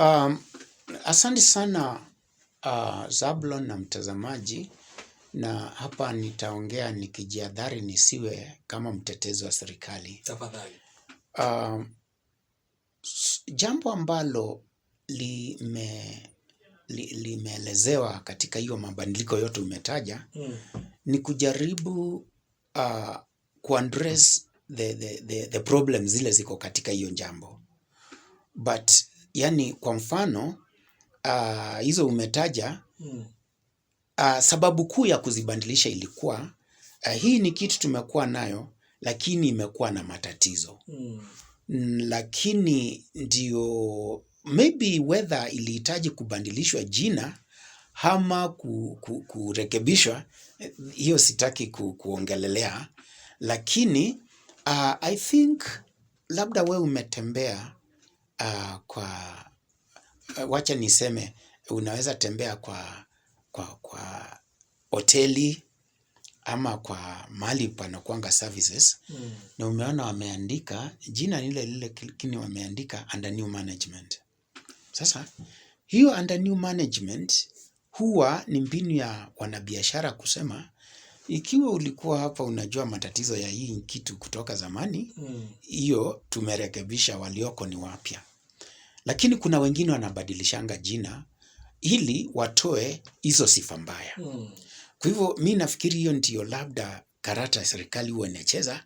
Um, asante sana uh, Zablon na mtazamaji, na hapa nitaongea nikijiadhari nisiwe kama mtetezi wa serikali. Tafadhali. Um, jambo ambalo limeelezewa katika hiyo mabadiliko yote umetaja mm, ni kujaribu uh, address the, the, the, the problem zile ziko katika hiyo jambo but yani kwa mfano uh, hizo umetaja mm. uh, sababu kuu ya kuzibandilisha ilikuwa uh, hii ni kitu tumekuwa nayo lakini imekuwa na matatizo hmm. mm. Lakini ndio maybe whether ilihitaji kubandilishwa jina ama ku, ku, kurekebishwa, hiyo sitaki ku, kuongelelea, lakini uh, I think labda we umetembea Ah, kwa ah, wacha niseme unaweza tembea kwa kwa hoteli ama kwa mahali panakuanga services mm. na umeona wameandika jina lile lile lakini wameandika under new management. Sasa hiyo under new management huwa ni mbinu ya wanabiashara kusema ikiwa ulikuwa hapa unajua matatizo ya hii kitu kutoka zamani hmm. hiyo mm. tumerekebisha, walioko ni wapya. Lakini kuna wengine wanabadilishanga jina ili watoe hizo sifa mbaya mm. Kwa hivyo mi nafikiri hiyo ndiyo labda karata ya serikali huwa inacheza,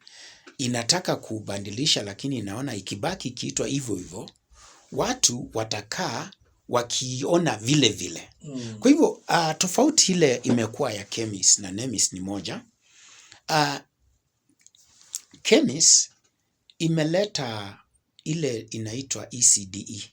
inataka kubadilisha, lakini inaona ikibaki ikiitwa hivyo hivyo watu watakaa wakiona vile vile mm. Kwa hivyo uh, tofauti ile imekuwa ya KEMIS na NEMIS ni moja. Uh, KEMIS imeleta ile inaitwa ECDE.